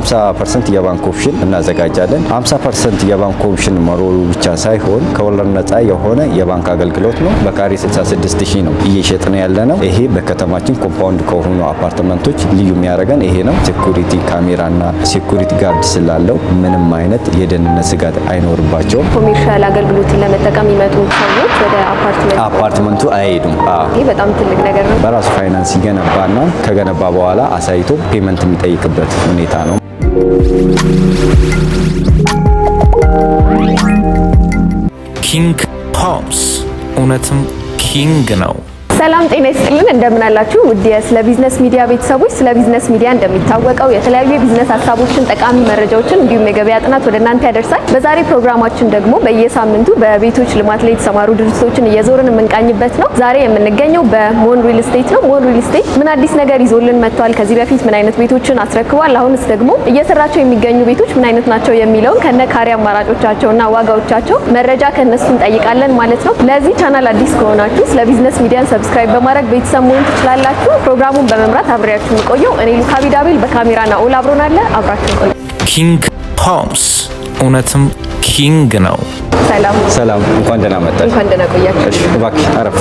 50 ፐርሰንት የባንክ ኦፕሽን እናዘጋጃለን። 50 ፐርሰንት የባንክ ኦፕሽን መሮሩ ብቻ ሳይሆን ከወለድ ነፃ የሆነ የባንክ አገልግሎት ነው። በካሬ 66 ሺህ ነው እየሸጥን ያለ ነው። ይሄ በከተማችን ኮምፓውንድ ከሆኑ አፓርትመንቶች ልዩ የሚያደርገን ይሄ ነው። ሴኩሪቲ ካሜራና ሴኩሪቲ ጋርድ ስላለው ምንም አይነት የደህንነት ስጋት አይኖርባቸውም። ኮሜርሻል አገልግሎትን ለመጠቀም ይመጡ ሰዎች ወደ አፓርትመንቱ አይሄዱም። ይሄ በጣም ትልቅ ነገር ነው። በራሱ ፋይናንስ ይገነባና ከገነባ በኋላ አሳይቶ ፔመንት የሚጠይቅበት ሁኔታ ነው። ኪንግ ፖምስ እውነትም ኪንግ ነው። ሰላም ጤና ይስጥልን። እንደምን አላችሁ? ውድ ስለ ቢዝነስ ሚዲያ ቤተሰቦች፣ ስለ ቢዝነስ ሚዲያ እንደሚታወቀው የተለያዩ የቢዝነስ ሀሳቦችን፣ ጠቃሚ መረጃዎችን እንዲሁም የገበያ ጥናት ወደ እናንተ ያደርሳል። በዛሬ ፕሮግራማችን ደግሞ በየሳምንቱ በቤቶች ልማት ላይ የተሰማሩ ድርጅቶችን እየዞርን የምንቃኝበት ነው። ዛሬ የምንገኘው በሞን ሪል ስቴት ነው። ሞን ሪል ስቴት ምን አዲስ ነገር ይዞልን መጥቷል? ከዚህ በፊት ምን አይነት ቤቶችን አስረክቧል? አሁንስ ደግሞ እየሰራቸው የሚገኙ ቤቶች ምን አይነት ናቸው የሚለውን ከነ ካሬ አማራጮቻቸውና ዋጋዎቻቸው መረጃ ከነሱ እንጠይቃለን ማለት ነው። ለዚህ ቻናል አዲስ ከሆናችሁ ስለ ቢዝነስ ሚዲያን ሰብስክራይብ በማድረግ ቤተሰብ መሆን ትችላላችሁ። ፕሮግራሙን በመምራት አብሬያችሁ የምቆየው እኔ ሉካ ቢዳቤል፣ በካሜራና ኦል አብሮናለ። አብራችሁ ቆዩ። ኪንግ ፖምስ እውነትም ኪንግ ነው። ሰላም ሰላም፣ እንኳን ደህና መጣሽ። እንኳን ደህና ቆያችሁ። እሺ እባክሽ አረፍ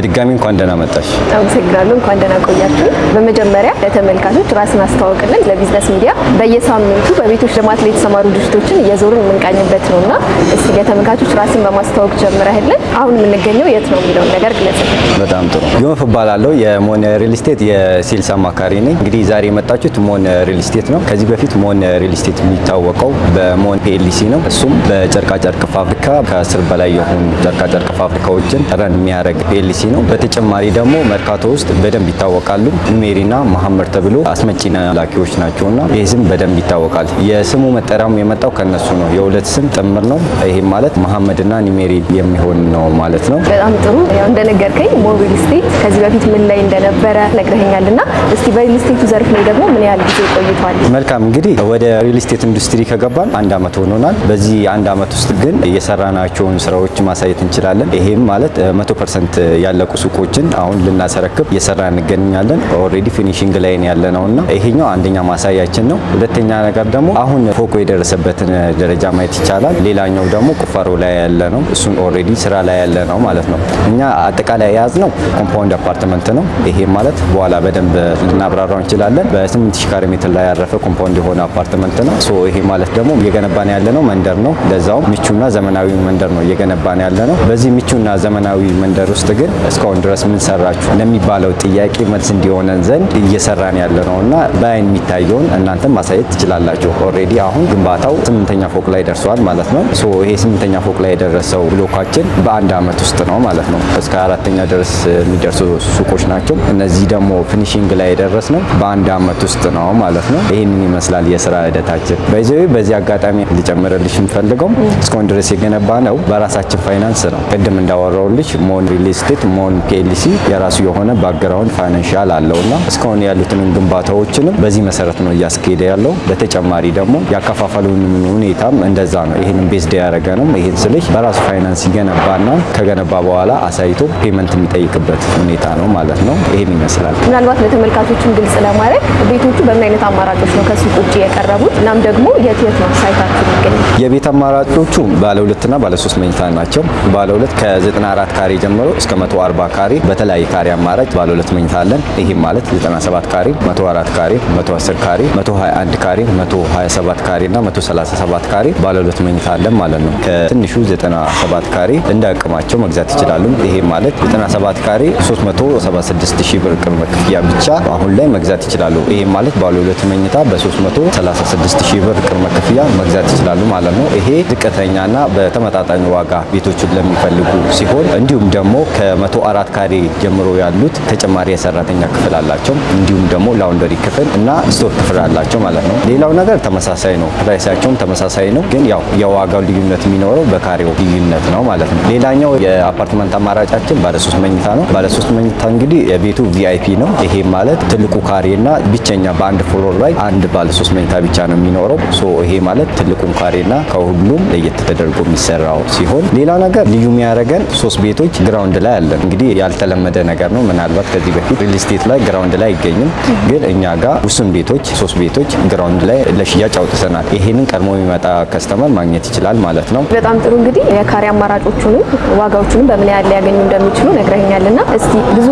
በድጋሚ እንኳን ደህና መጣሽ። አመሰግናለሁ። እንኳን ደህና ቆያችሁ። በመጀመሪያ ለተመልካቾች ራስን አስተዋውቅልን። ለቢዝነስ ሚዲያ በየሳምንቱ በቤቶች ልማት ላይ የተሰማሩ ድርጅቶችን እየዞርን የምንቃኝበት ነው እና እስቲ ለተመልካቾች ራስን በማስተዋወቅ ጀምረህልን አሁን የምንገኘው የት ነው የሚለውን ነገር ግለጽ። በጣም ጥሩ። ዮመፍ እባላለሁ። የሞን ሪል ስቴት የሴልስ አማካሪ ነኝ። እንግዲህ ዛሬ የመጣችሁት ሞን ሪል ስቴት ነው። ከዚህ በፊት ሞን ሪል ስቴት የሚታወቀው በሞን ፒኤልሲ ነው። እሱም በጨርቃጨርቅ ፋብሪካ ከአስር በላይ የሆኑ ጨርቃጨርቅ ፋብሪካዎችን ረን የሚያደርግ ፒኤልሲ ነው። በተጨማሪ ደግሞ መርካቶ ውስጥ በደንብ ይታወቃሉ። ሜሪና መሀመድ ተብሎ አስመጪ ላኪዎች ናቸውና ይህ ስም በደንብ ይታወቃል። የስሙ መጠሪያም የመጣው ከነሱ ነው። የሁለት ስም ጥምር ነው። ይህም ማለት መሀመድና ኒሜሪ የሚሆን ነው ማለት ነው። በጣም ጥሩ። ያው እንደነገርከኝ ሞቢል ስቴት ከዚህ በፊት ምን ላይ እንደነበረ ነግረኸኛል እና እስቲ በሪል ስቴቱ ዘርፍ ላይ ደግሞ ምን ያህል ጊዜ ቆይቷል? መልካም እንግዲህ ወደ ሪል ስቴት ኢንዱስትሪ ከገባን አንድ አመት ሆኖናል። በዚህ አንድ አመት ውስጥ ግን የሰራናቸውን ስራዎች ማሳየት እንችላለን። ይህም ማለት መቶ ፐርሰንት ያለ ያለቁ ሱቆችን አሁን ልናስረክብ እየሰራ እንገኛለን። ኦልሬዲ ፊኒሽንግ ላይን ያለ ነው እና ይሄኛው አንደኛ ማሳያችን ነው። ሁለተኛ ነገር ደግሞ አሁን ፎቆ የደረሰበትን ደረጃ ማየት ይቻላል። ሌላኛው ደግሞ ቁፋሮ ላይ ያለ ነው። እሱን ኦልሬዲ ስራ ላይ ያለ ነው ማለት ነው። እኛ አጠቃላይ የያዝ ነው ኮምፓውንድ አፓርትመንት ነው። ይሄ ማለት በኋላ በደንብ ልናብራራው እንችላለን። በስምንት ሺ ካሬ ሜትር ላይ ያረፈ ኮምፓውንድ የሆነ አፓርትመንት ነው። ሶ ይሄ ማለት ደግሞ እየገነባን ያለ ነው መንደር ነው። ለዛውም ምቹና ዘመናዊ መንደር ነው እየገነባን ያለ ነው። በዚህ ምቹና ዘመናዊ መንደር ውስጥ ግን እስካሁን ድረስ ምን ሰራችሁ ለሚባለው ጥያቄ መልስ እንዲሆነን ዘንድ እየሰራን ያለ ነው እና በአይን የሚታየውን እናንተም ማሳየት ትችላላችሁ። ኦልሬዲ አሁን ግንባታው ስምንተኛ ፎቅ ላይ ደርሰዋል ማለት ነው። ሶ ይሄ ስምንተኛ ፎቅ ላይ የደረሰው ብሎካችን በአንድ አመት ውስጥ ነው ማለት ነው። እስከ አራተኛ ድረስ የሚደርሱ ሱቆች ናቸው። እነዚህ ደግሞ ፊኒሽንግ ላይ የደረስ ነው በአንድ አመት ውስጥ ነው ማለት ነው። ይህንን ይመስላል የስራ ሂደታችን። በዚ በዚህ አጋጣሚ ልጨምርልሽ የምፈልገው እስካሁን ድረስ የገነባ ነው በራሳችን ፋይናንስ ነው። ቅድም እንዳወራውልሽ ሞን ሪል ስቴት ሞል ፒኤልሲ የራሱ የሆነ ባክግራውንድ ፋይናንሻል አለውና እስካሁን ያሉትንም ግንባታዎችንም በዚህ መሰረት ነው እያስኬደ ያለው። በተጨማሪ ደግሞ ያከፋፈሉን ሁኔታም እንደዛ ነው። ይህን ቤዝድ ያደረገ ነው። ይህን ስልሽ በራሱ ፋይናንስ ይገነባና ከገነባ በኋላ አሳይቶ ፔመንት የሚጠይቅበት ሁኔታ ነው ማለት ነው። ይህን ይመስላል። ምናልባት ለተመልካቾችም ግልጽ ለማድረግ ቤቶቹ በምን አይነት አማራጮች ነው ከሱቅ ውጭ የቀረቡት? እናም ደግሞ የት የት ነው ሳይታችሁ ይገኛል? የቤት አማራጮቹ ባለ ሁለትና ባለ ሶስት መኝታ ናቸው። ባለ ሁለት ከ94 ካሬ ጀምሮ እስከ መቶ 140 ካሬ በተለያየ ካሬ አማራጭ ባለ ሁለት መኝታ አለን። ይህም ማለት 97 ካሬ፣ 104 ካሬ፣ 110 ካሬ፣ 121 ካሬ፣ 127 ካሬ እና 137 ካሬ ባለ ሁለት መኝታ አለን ማለት ነው። ከትንሹ 97 ካሬ እንደ አቅማቸው መግዛት ይችላሉ። ይህም ማለት 97 ካሬ 376 ሺህ ብር ቅድመ ክፍያ ብቻ አሁን ላይ መግዛት ይችላሉ። ይህም ማለት ባለ ሁለት መኝታ በ336 ሺህ ብር ቅድመ ክፍያ መግዛት ይችላሉ ማለት ነው። ይሄ ዝቅተኛና በተመጣጣኝ ዋጋ ቤቶችን ለሚፈልጉ ሲሆን እንዲሁም ደግሞ ከ መቶ አራት ካሬ ጀምሮ ያሉት ተጨማሪ የሰራተኛ ክፍል አላቸው። እንዲሁም ደግሞ ላውንደሪ ክፍል እና ስቶር ክፍል አላቸው ማለት ነው። ሌላው ነገር ተመሳሳይ ነው፣ ፕራይሳቸውም ተመሳሳይ ነው። ግን ያው የዋጋው ልዩነት የሚኖረው በካሬው ልዩነት ነው ማለት ነው። ሌላኛው የአፓርትመንት አማራጫችን ባለሶስት መኝታ ነው። ባለሶስት መኝታ እንግዲህ የቤቱ ቪአይፒ ነው። ይሄ ማለት ትልቁ ካሬና ብቸኛ በአንድ ፍሎር ላይ አንድ ባለሶስት መኝታ ብቻ ነው የሚኖረው። ሶ ይሄ ማለት ትልቁን ካሬና ከሁሉም ለየት ተደርጎ የሚሰራው ሲሆን ሌላ ነገር ልዩ የሚያደርገን ሶስት ቤቶች ግራውንድ ላይ አለን። እንግዲህ ያልተለመደ ነገር ነው። ምናልባት ከዚህ በፊት ሪል ስቴት ላይ ግራውንድ ላይ አይገኝም፣ ግን እኛ ጋር ውስን ቤቶች ሶስት ቤቶች ግራውንድ ላይ ለሽያጭ አውጥተናል። ይሄንን ቀድሞ የሚመጣ ከስተመር ማግኘት ይችላል ማለት ነው። በጣም ጥሩ እንግዲህ የካሬ አማራጮቹንም ዋጋዎቹንም በምን ያህል ሊያገኙ እንደሚችሉ ነግረኛልና እስቲ ብዙ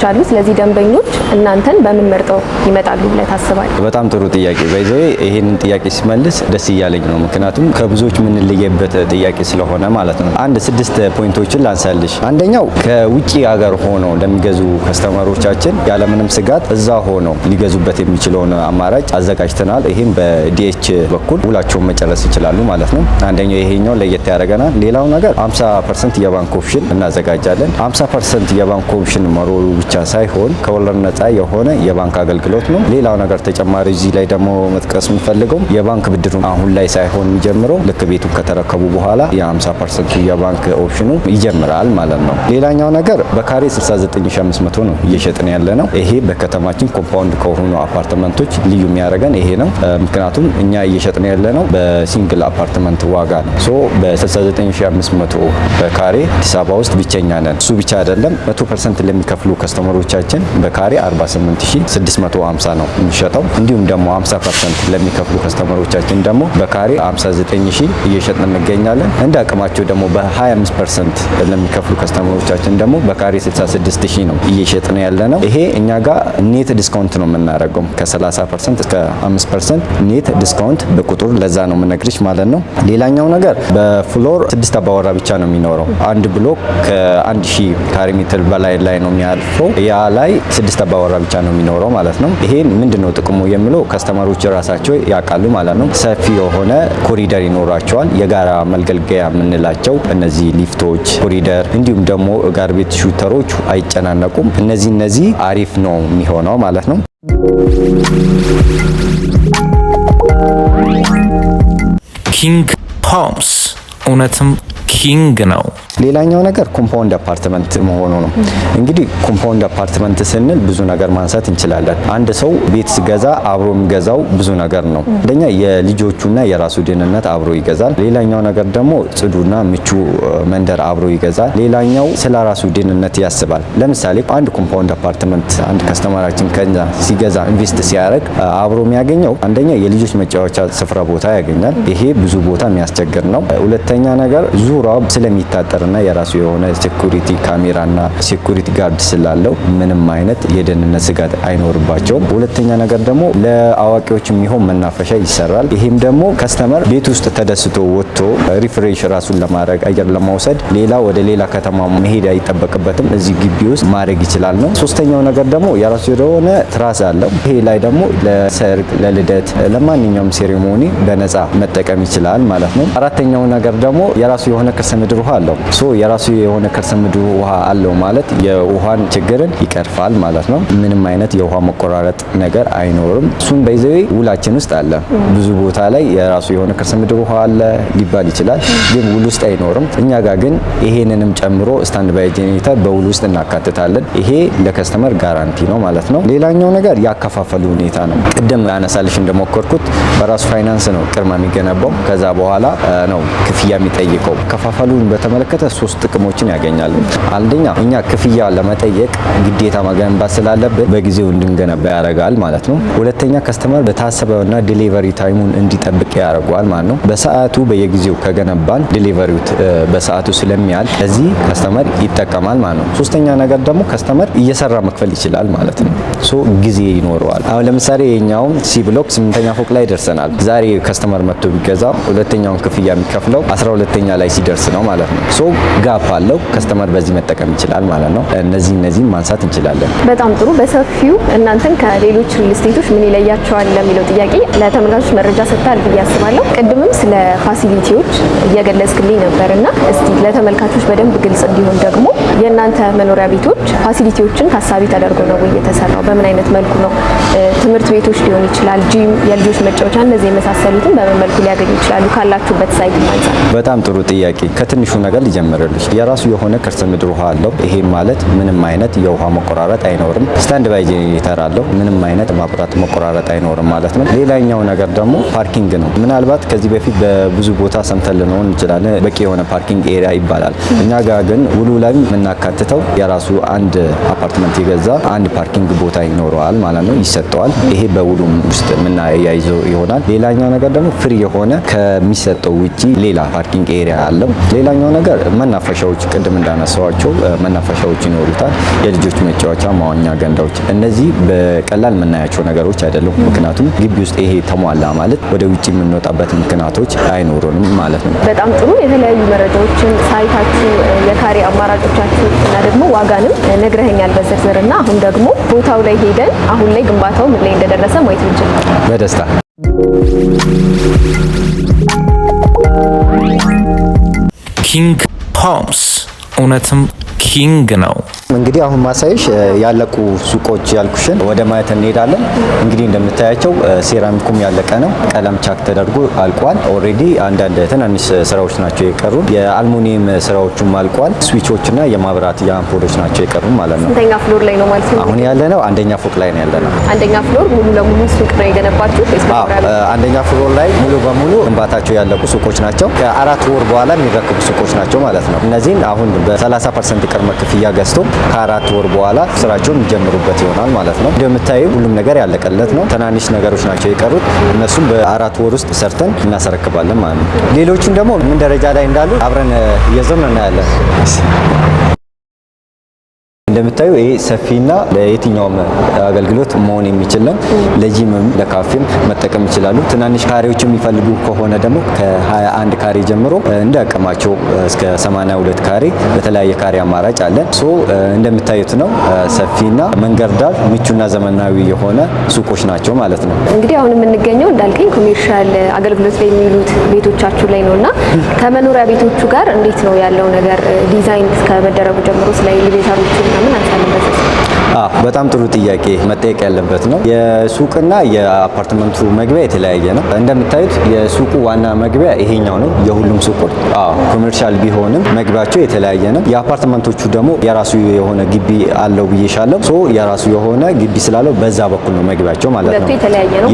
አማራጮች አሉ። ስለዚህ ደንበኞች እናንተን በምን መርጠው ይመጣሉ ብለህ ታስባለህ? በጣም ጥሩ ጥያቄ ባይዘ ይሄንን ጥያቄ ሲመልስ ደስ እያለኝ ነው። ምክንያቱም ከብዙዎች የምንለየበት ጥያቄ ስለሆነ ማለት ነው። አንድ ስድስት ፖይንቶችን ላንሳልሽ። አንደኛው ከውጭ ሀገር ሆኖ ለሚገዙ ከስተመሮቻችን ያለምንም ስጋት እዛ ሆኖ ሊገዙበት የሚችለውን አማራጭ አዘጋጅተናል። ይህም በዲኤች በኩል ውላቸውን መጨረስ ይችላሉ ማለት ነው። አንደኛው ይሄኛው ለየት ያደርገናል። ሌላው ነገር 50 ፐርሰንት የባንክ ኦፕሽን እናዘጋጃለን። 50 ፐርሰንት የባንክ ኦፕሽን መሮሩ ብቻ ሳይሆን ከወለድ ነጻ የሆነ የባንክ አገልግሎት ነው። ሌላው ነገር ተጨማሪ እዚህ ላይ ደግሞ መጥቀስ የምፈልገው የባንክ ብድሩ አሁን ላይ ሳይሆን የሚጀምረው ልክ ቤቱን ከተረከቡ በኋላ የ50 ፐርሰንቱ የባንክ ኦፕሽኑ ይጀምራል ማለት ነው። ሌላኛው ነገር በካሬ 69500 ነው እየሸጥን ያለ ነው። ይሄ በከተማችን ኮምፓውንድ ከሆኑ አፓርትመንቶች ልዩ የሚያደርገን ይሄ ነው። ምክንያቱም እኛ እየሸጥን ያለ ነው በሲንግል አፓርትመንት ዋጋ ነው። ሶ በ69500 በካሬ አዲስ አበባ ውስጥ ብቸኛ ነን። እሱ ብቻ አይደለም 100 ፐርሰንት ለሚከፍሉ ከስተ ከስተመሮቻችን በካሬ 48650 ነው የሚሸጠው። እንዲሁም ደግሞ 50 ፐርሰንት ለሚከፍሉ ከስተመሮቻችን ደግሞ በካሬ 59000 እየሸጥን እንገኛለን። እንደ አቅማቸው ደግሞ በ25 ፐርሰንት ለሚከፍሉ ከስተመሮቻችን ደግሞ በካሬ 66000 ነው እየሸጥን ያለ ነው። ይሄ እኛ ጋር ኔት ዲስካውንት ነው የምናደርገው ከ30 ፐርሰንት እስከ 5 ፐርሰንት ኔት ዲስካውንት በቁጥር ለዛ ነው የምነግርሽ ማለት ነው። ሌላኛው ነገር በፍሎር ስድስት አባወራ ብቻ ነው የሚኖረው። አንድ ብሎክ ከ1000 ካሬ ሜትር በላይ ላይ ነው የሚያልፈው። ያ ላይ ስድስት አባወራ ብቻ ነው የሚኖረው ማለት ነው። ይሄን ምንድን ነው ጥቅሙ የሚለው ከስተመሮች ራሳቸው ያውቃሉ ማለት ነው። ሰፊ የሆነ ኮሪደር ይኖራቸዋል። የጋራ መልገልገያ የምንላቸው እነዚህ ሊፍቶች፣ ኮሪደር እንዲሁም ደግሞ ጋር ቤት ሹተሮች አይጨናነቁም። እነዚህ እነዚህ አሪፍ ነው የሚሆነው ማለት ነው። ኪንግ ሆምስ እውነትም ኪንግ ነው። ሌላኛው ነገር ኮምፓውንድ አፓርትመንት መሆኑ ነው። እንግዲህ ኮምፓውንድ አፓርትመንት ስንል ብዙ ነገር ማንሳት እንችላለን። አንድ ሰው ቤት ሲገዛ አብሮ የሚገዛው ብዙ ነገር ነው። አንደኛ የልጆቹና የራሱ ደህንነት አብሮ ይገዛል። ሌላኛው ነገር ደግሞ ጽዱና ምቹ መንደር አብሮ ይገዛል። ሌላኛው ስለ ራሱ ደህንነት ያስባል። ለምሳሌ አንድ ኮምፓውንድ አፓርትመንት አንድ ከስተማራችን ከዛ ሲገዛ ኢንቨስት ሲያደርግ አብሮ የሚያገኘው አንደኛ የልጆች መጫወቻ ስፍራ ቦታ ያገኛል። ይሄ ብዙ ቦታ የሚያስቸግር ነው። ሁለተኛ ነገር ዙሪያው ስለሚታጠር እና የራሱ የሆነ ሴኩሪቲ ካሜራና ሴኩሪቲ ጋርድ ስላለው ምንም አይነት የደህንነት ስጋት አይኖርባቸውም። ሁለተኛ ነገር ደግሞ ለአዋቂዎች የሚሆን መናፈሻ ይሰራል። ይህም ደግሞ ከስተመር ቤት ውስጥ ተደስቶ ወጥቶ ሪፍሬሽ ራሱን ለማድረግ አየር ለማውሰድ ሌላ ወደ ሌላ ከተማ መሄድ አይጠበቅበትም። እዚህ ግቢ ውስጥ ማድረግ ይችላል ነው። ሶስተኛው ነገር ደግሞ የራሱ የሆነ ትራስ አለው። ይሄ ላይ ደግሞ ለሰርግ፣ ለልደት፣ ለማንኛውም ሴሬሞኒ በነፃ መጠቀም ይችላል ማለት ነው። አራተኛው ነገር ደግሞ የራሱ የሆነ ከርሰ ምድር ውሃ አለው። ሶ የራሱ የሆነ ከርሰ ምድር ውሃ አለው ማለት የውሃን ችግርን ይቀርፋል ማለት ነው። ምንም አይነት የውሃ መቆራረጥ ነገር አይኖርም። እሱም በይዘዌ ውላችን ውስጥ አለ። ብዙ ቦታ ላይ የራሱ የሆነ ከርሰ ምድር ውሃ አለ ሊባል ይችላል፣ ግን ውል ውስጥ አይኖርም። እኛ ጋር ግን ይሄንንም ጨምሮ ስታንድ ባይ ጄኔሬተር በውል ውስጥ እናካትታለን። ይሄ ለከስተመር ጋራንቲ ነው ማለት ነው። ሌላኛው ነገር ያከፋፈሉ ሁኔታ ነው። ቅድም አነሳልሽ እንደሞከርኩት በራሱ ፋይናንስ ነው ቅድማ የሚገነባው፣ ከዛ በኋላ ነው ክፍያ የሚጠይቀው። ከፋፈሉን በተመለከተ በተመለከተ ሶስት ጥቅሞችን ያገኛሉ። አንደኛ እኛ ክፍያ ለመጠየቅ ግዴታ መገንባት ስላለብን በጊዜው እንድንገነባ ያደርጋል ማለት ነው። ሁለተኛ ከስተመር በታሰበውና ዲሊቨሪ ታይሙን እንዲጠብቅ ያደርገዋል ማለት ነው። በሰዓቱ በየጊዜው ከገነባን ዲሊቨሪው በሰዓቱ ስለሚያል ለዚህ ከስተመር ይጠቀማል ማለት ነው። ሶስተኛ ነገር ደግሞ ከስተመር እየሰራ መክፈል ይችላል ማለት ነው። ሶ ጊዜ ይኖረዋል። አሁን ለምሳሌ የኛውን ሲ ብሎክ ስምንተኛ ፎቅ ላይ ደርሰናል። ዛሬ ከስተመር መጥቶ ቢገዛ ሁለተኛውን ክፍያ የሚከፍለው አስራ ሁለተኛ ላይ ሲደርስ ነው ማለት ነው። ሶ ጋፕ አለው። ከስተመር በዚህ መጠቀም ይችላል ማለት ነው። እነዚህ እነዚህን ማንሳት እንችላለን። በጣም ጥሩ። በሰፊው እናንተን ከሌሎች ሪል ስቴቶች ምን ይለያቸዋል ለሚለው ጥያቄ ለተመልካቾች መረጃ ሰጥታል ብዬ አስባለሁ። ቅድምም ስለ ፋሲሊቲዎች እየገለጽክልኝ ነበር እና እስቲ ለተመልካቾች በደንብ ግልጽ እንዲሆን ደግሞ የእናንተ መኖሪያ ቤቶች ፋሲሊቲዎችን ታሳቢ ተደርጎ ነው የተሰራው? በምን አይነት መልኩ ነው? ትምህርት ቤቶች ሊሆን ይችላል፣ ጂም፣ የልጆች መጫወቻ፣ እነዚህ የመሳሰሉትን በምን መልኩ ሊያገኙ ይችላሉ? ካላችሁበት ሳይት ማንሳት። በጣም ጥሩ ጥያቄ። ከትንሹ ነገር ልጀ ጀመረልሽ። የራሱ የሆነ ከርሰ ምድር ውሃ አለው። ይሄም ማለት ምንም አይነት የውሃ መቆራረጥ አይኖርም። ስታንድ ባይ ጄኔሬተር አለው። ምንም አይነት ማብራት መቆራረጥ አይኖርም ማለት ነው። ሌላኛው ነገር ደግሞ ፓርኪንግ ነው። ምናልባት ከዚህ በፊት በብዙ ቦታ ሰምተን ልንሆን እንችላለን። በቂ የሆነ ፓርኪንግ ኤሪያ ይባላል። እኛ ጋር ግን ውሉ ላይ የምናካትተው የራሱ አንድ አፓርትመንት የገዛ አንድ ፓርኪንግ ቦታ ይኖረዋል ማለት ነው፣ ይሰጠዋል። ይሄ በውሉ ውስጥ የምናያይዘው ይሆናል። ሌላኛው ነገር ደግሞ ፍሪ የሆነ ከሚሰጠው ውጪ ሌላ ፓርኪንግ ኤሪያ አለው። ሌላኛው ነገር መናፈሻዎች ቅድም እንዳነሳዋቸው መናፈሻዎች ይኖሩታል። የልጆች መጫወቻ መዋኛ ገንዳዎች፣ እነዚህ በቀላል የምናያቸው ነገሮች አይደለም። ምክንያቱም ግቢ ውስጥ ይሄ ተሟላ ማለት ወደ ውጭ የምንወጣበት ምክንያቶች አይኖሩንም ማለት ነው። በጣም ጥሩ የተለያዩ መረጃዎችን ሳይታችሁ፣ የካሬ አማራጮቻችሁ እና ደግሞ ዋጋንም ነግረኸኛል በዝርዝር እና አሁን ደግሞ ቦታው ላይ ሄደን አሁን ላይ ግንባታው ምን ላይ እንደደረሰ ማየት እንችል በደስታ ኪንግ ሆምስ እውነትም ኪንግ ነው። እንግዲህ አሁን ማሳይሽ ያለቁ ሱቆች ያልኩሽን ወደ ማየት እንሄዳለን። እንግዲህ እንደምታያቸው ሴራሚኩም ያለቀ ነው። ቀለም ቻክ ተደርጎ አልቋል። ኦልሬዲ አንዳንድ ትናንሽ ስራዎች ናቸው የቀሩ። የአልሙኒየም ስራዎቹም አልቋል። ስዊቾችና የማብራት የአምፖሎች ናቸው የቀሩ ማለት ነው። አንደኛ ፍሎር ላይ ነው ማለት ነው። አሁን ያለ ነው አንደኛ ፎቅ ላይ ነው ያለ ነው። አንደኛ ፍሎር ሙሉ ለሙሉ ሱቅ ነው የገነባችሁ? አንደኛ ፍሎር ላይ ሙሉ በሙሉ ግንባታቸው ያለቁ ሱቆች ናቸው። ከአራት ወር በኋላ የሚረክቡ ሱቆች ናቸው ማለት ነው። እነዚህን አሁን በ30 ፐርሰንት ቅድመ ክፍያ ገዝቶ ከአራት ወር በኋላ ስራቸውን የሚጀምሩበት ይሆናል ማለት ነው። እንደምታዩ ሁሉም ነገር ያለቀለት ነው። ትናንሽ ነገሮች ናቸው የቀሩት። እነሱም በአራት ወር ውስጥ ሰርተን እናሰረክባለን ማለት ነው። ሌሎቹን ደግሞ ምን ደረጃ ላይ እንዳሉ አብረን እየዞርን እናያለን። እንደምታዩ ይሄ ሰፊና ለየትኛውም አገልግሎት መሆን የሚችል ነው። ለጂምም ለካፌም መጠቀም ይችላሉ። ትናንሽ ካሬዎች የሚፈልጉ ከሆነ ደግሞ ከ21 ካሬ ጀምሮ እንደ አቅማቸው እስከ 82 ካሬ በተለያየ ካሬ አማራጭ አለን። ሶ እንደምታዩት ነው ሰፊና መንገድ ዳር ምቹና ዘመናዊ የሆነ ሱቆች ናቸው ማለት ነው። እንግዲህ አሁን የምንገኘው እንዳልከኝ ኮሜርሻል አገልግሎት ላይ የሚውሉት ቤቶቻችሁ ላይ ነው እና ከመኖሪያ ቤቶቹ ጋር እንዴት ነው ያለው ነገር ዲዛይን ከመደረጉ ጀምሮ ስለ ኤሌቬተሮቹ ምናምን በጣም ጥሩ ጥያቄ መጠየቅ ያለበት ነው። የሱቅና የአፓርትመንቱ መግቢያ የተለያየ ነው። እንደምታዩት የሱቁ ዋና መግቢያ ይሄኛው ነው። የሁሉም ሱቆች ኮሜርሻል ቢሆንም መግቢያቸው የተለያየ ነው። የአፓርትመንቶቹ ደግሞ የራሱ የሆነ ግቢ አለው ብዬሻለው። ሶ የራሱ የሆነ ግቢ ስላለው በዛ በኩል ነው መግቢያቸው ማለት ነው።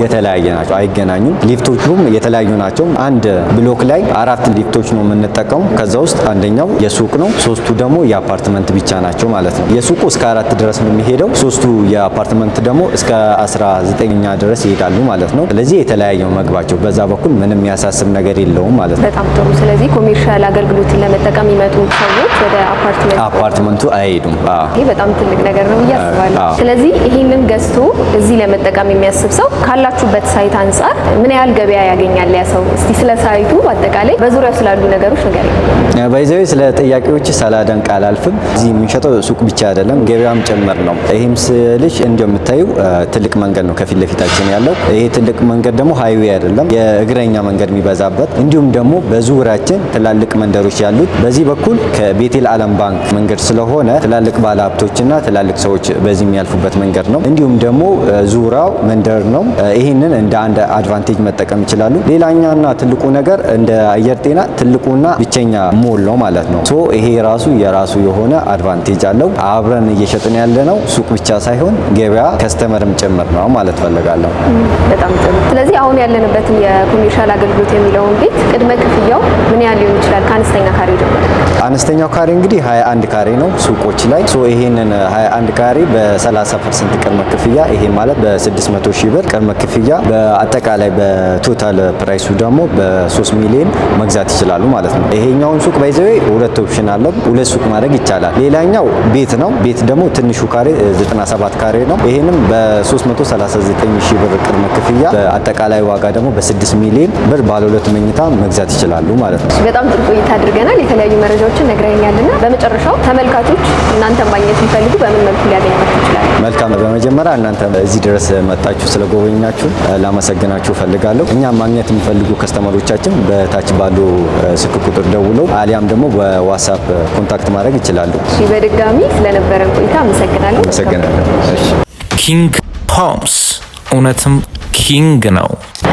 የተለያየ ናቸው፣ አይገናኙም። ሊፍቶቹም የተለያዩ ናቸው። አንድ ብሎክ ላይ አራት ሊፍቶች ነው የምንጠቀሙ። ከዛ ውስጥ አንደኛው የሱቅ ነው፣ ሶስቱ ደግሞ የአፓርትመንት ብቻ ናቸው ማለት ነው። የሱቁ እስከ አራት ድረስ ነው የሚሄደው። ሶስቱ የአፓርትመንት ደግሞ እስከ አስራ ዘጠኝኛ ድረስ ይሄዳሉ ማለት ነው። ስለዚህ የተለያየው መግባቸው በዛ በኩል ምንም ያሳስብ ነገር የለውም ማለት ነው። በጣም ጥሩ። ስለዚህ ኮሜርሻል አገልግሎትን ለመጠቀም ይመጡ ሰዎች ወደ አፓርትመንቱ አይሄዱም። ይሄ በጣም ትልቅ ነገር ነው ብዬ አስባለሁ። ስለዚህ ይህንን ገዝቶ እዚህ ለመጠቀም የሚያስብ ሰው ካላችሁበት ሳይት አንጻር ምን ያህል ገበያ ያገኛል ያ ሰው? እስቲ ስለ ሳይቱ አጠቃላይ በዙሪያው ስላሉ ነገሮች ነገር ባይዘዊ ስለ ጥያቄዎች ሳላደንቅ አላልፍም። እዚህ የምንሸጠው ሱቅ ብቻ አይደለም ገበያም ጭምር ነው። ይህም ስልሽ እንደምታዩ ትልቅ መንገድ ነው ከፊት ለፊታችን ያለው። ይሄ ትልቅ መንገድ ደግሞ ሀይዌ አይደለም፣ የእግረኛ መንገድ የሚበዛበት እንዲሁም ደግሞ በዙሪያችን ትላልቅ መንደሮች ያሉት። በዚህ በኩል ከቤቴል አለም ባንክ መንገድ ስለሆነ ትላልቅ ባለ ሀብቶችና ትላልቅ ሰዎች በዚህ የሚያልፉበት መንገድ ነው። እንዲሁም ደግሞ ዙሪያው መንደር ነው። ይህንን እንደ አንድ አድቫንቴጅ መጠቀም ይችላሉ። ሌላኛና ትልቁ ነገር እንደ አየር ጤና ትልቁና ብቸኛ ሞል ነው ማለት ነው። ሶ ይሄ ራሱ የራሱ የሆነ አድቫንቴጅ አለው። አብረን እየሸጥን ያለ ነው። ሱቅ ብቻ ሳይሆን ገበያ ከስተመርም ጭምር ነው ማለት ፈልጋለሁ። በጣም ጥሩ። ስለዚህ አሁን ያለንበትን የኮሜርሻል አገልግሎት የሚለውን ቤት ቅድመ ክፍያው ምን ያህል ሊሆን ይችላል? ከአነስተኛ ካሬ ጀምሮ አነስተኛው ካሬ እንግዲህ 21 ካሬ ነው ሱቆች ላይ ሶ ይሄንን 21 ካሬ በ30 ፐርሰንት ቅድመ ክፍያ ይሄ ማለት በ600 ሺህ ብር ቅድመ ክፍያ በአጠቃላይ በቶታል ፕራይሱ ደግሞ በ3 ሚሊዮን መግዛት ይችላሉ ማለት ነው። ይሄኛውን ሱቅ ባይዘዌ ሁለት ኦፕሽን አለው። ሁለት ሱቅ ማድረግ ይቻላል። ሌላኛው ቤት ነው። ቤት ደግሞ ትንሹ ካሬ 97 ካሬ ነው። ይሄንም በ339 ሺህ ብር ቅድመ ክፍያ በአጠቃላይ ዋጋ ደግሞ በ6 ሚሊዮን ብር ባለ ሁለት መኝታ መግዛት ይችላሉ ማለት ነው። በጣም ጥሩ ቆይታ አድርገናል። የተለያዩ መረጃዎችን ነግረኛልና በመጨረሻው ተመልካቾች እናንተ ማግኘት የሚፈልጉ በምን መልኩ ሊያገኛችሁ ይችላል? መልካም። በመጀመሪያ እናንተ እዚህ ድረስ መጣችሁ ስለጎበኛችሁ ላመሰግናችሁ ፈልጋለሁ። እኛም ማግኘት የሚፈልጉ ከስተመሮቻችን በታች ባሉ ስልክ ቁጥር ደውለው አሊያም ደግሞ በዋትሳፕ ኮንታክት ማድረግ ይችላሉ። በድጋሚ ስለነበረን ቆይታ አመሰግናለሁ። ኪንግ እውነትም ኪንግ ነው።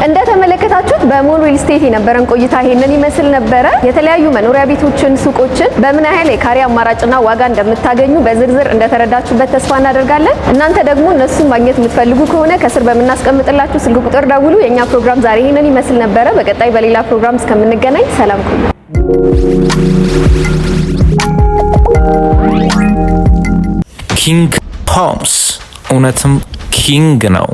እንደተመለከታችሁት በሞል ሪል ስቴት የነበረን ቆይታ ይሄንን ይመስል ነበረ። የተለያዩ መኖሪያ ቤቶችን፣ ሱቆችን በምን ያህል የካሬ አማራጭና ዋጋ እንደምታገኙ በዝርዝር እንደተረዳችሁበት ተስፋ እናደርጋለን። እናንተ ደግሞ እነሱን ማግኘት የምትፈልጉ ከሆነ ከስር በምናስቀምጥላችሁ ስልክ ቁጥር ደውሉ። የእኛ ፕሮግራም ዛሬ ይሄንን ይመስል ነበረ። በቀጣይ በሌላ ፕሮግራም እስከምንገናኝ ሰላም ቆዩ። ኪንግ ፖምስ እውነትም ኪንግ ነው።